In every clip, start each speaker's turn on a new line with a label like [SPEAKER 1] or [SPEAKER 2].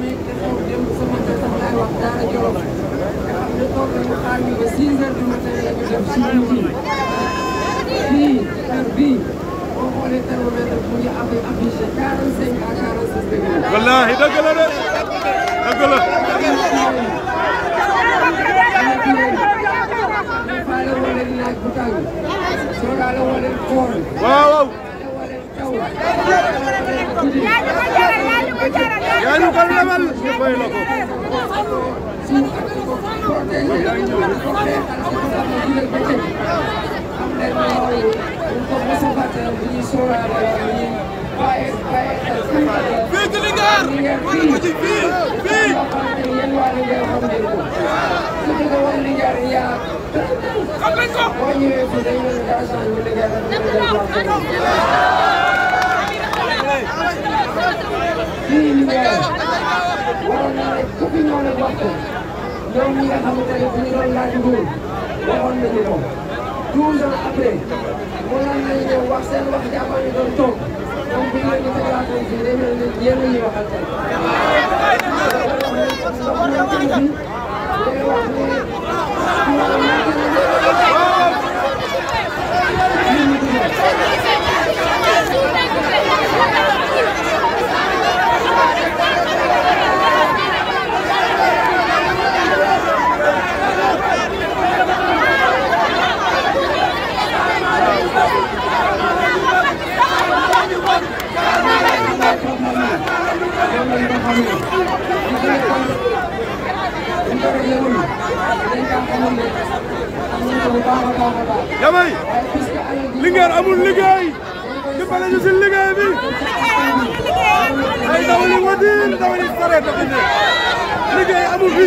[SPEAKER 1] xamee dafa dem sama dëkkam laay wax daara Jolof ñu toog ñu xaar ñu ba 6 heures du matin la ñu dem si midi fii kër bii boo xoolee thermomètre mu ngi am affiché 45 à 46 degré. wallaahi dëgg la de dëgg la. waaw waaw. yaay mu ko lebal ñu fay la ko fii ci Linguère wala ko ci fii fii xam nañ ko ci ñoo ne wax nga xamante ne bu ñu laaj nguur waxoon nañu ko 12 ans après mënoon nañu ñëw wax seen wax jàppal ñu doon toog comme bi ngeen di fekkaatoon fii day mel ne yéen a ñuy waxal tey. wax nañ ko fi damay li ngeen amul liggéey dimbale ñu si liggéey bi ay dawali wadin dawali sareet a bindee liggéey amul fi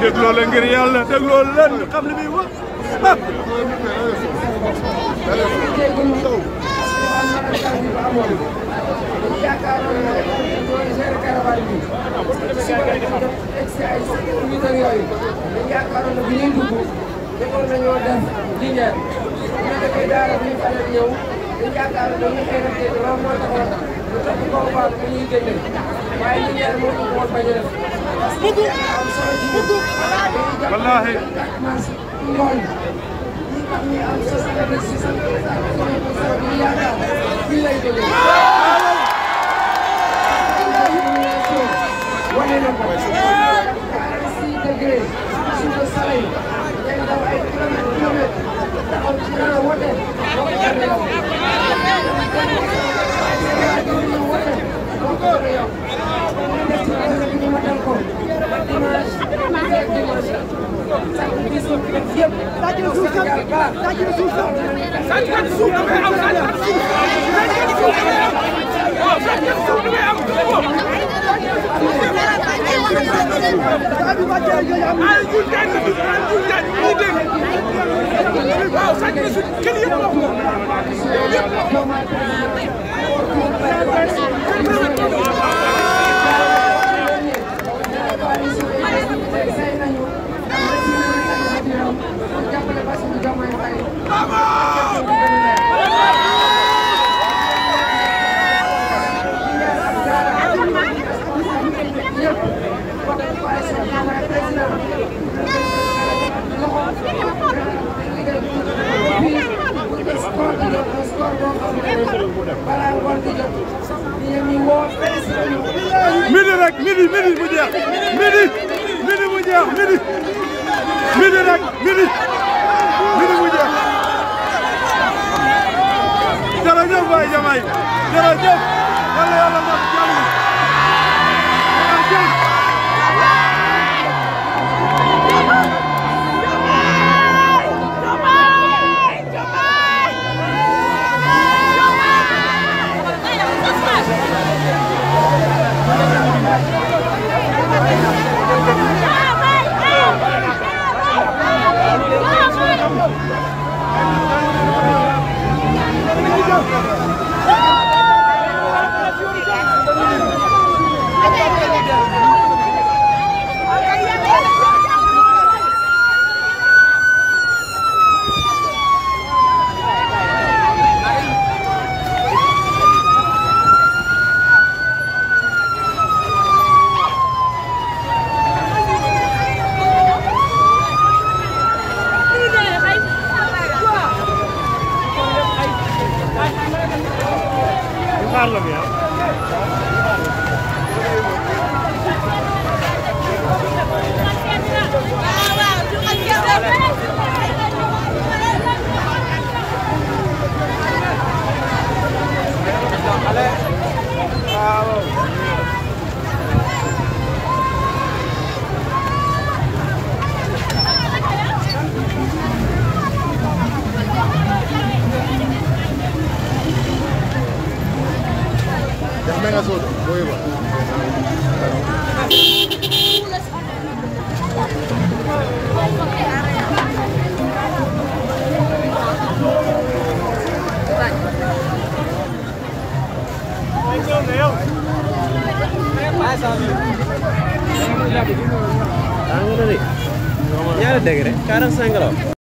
[SPEAKER 1] dégloo la ngir yàlla dégloo leen xam li muy wax ah. producteurs yooyu dañ yaakaaroon ne bi ñuy dugg defoon nañoo def liggéey bu ñu defee daara bi ñu fa def ñëw dañ yaakaaroon dañuy xëy na tey loolu moo taxoon lu tax combat bi ñuy génne waaye liggéey moo ko woon bañ a def parce que dafa am solo ci ñun. wallaahi ngoon ñi am 66 ak 70 pour cent bi ñu yaakaar fii lay jógee. Kan je nog? balaa ngoon di jot rek midi midi mu jeex midi rek midi midi mu jeex. jërëjëf waay jamaay jërëjëf yàlla Yeah. Carlo mia. 前がそうだこういえば。ഞങ്ങളുടെ കാരണം സാങ്കലോ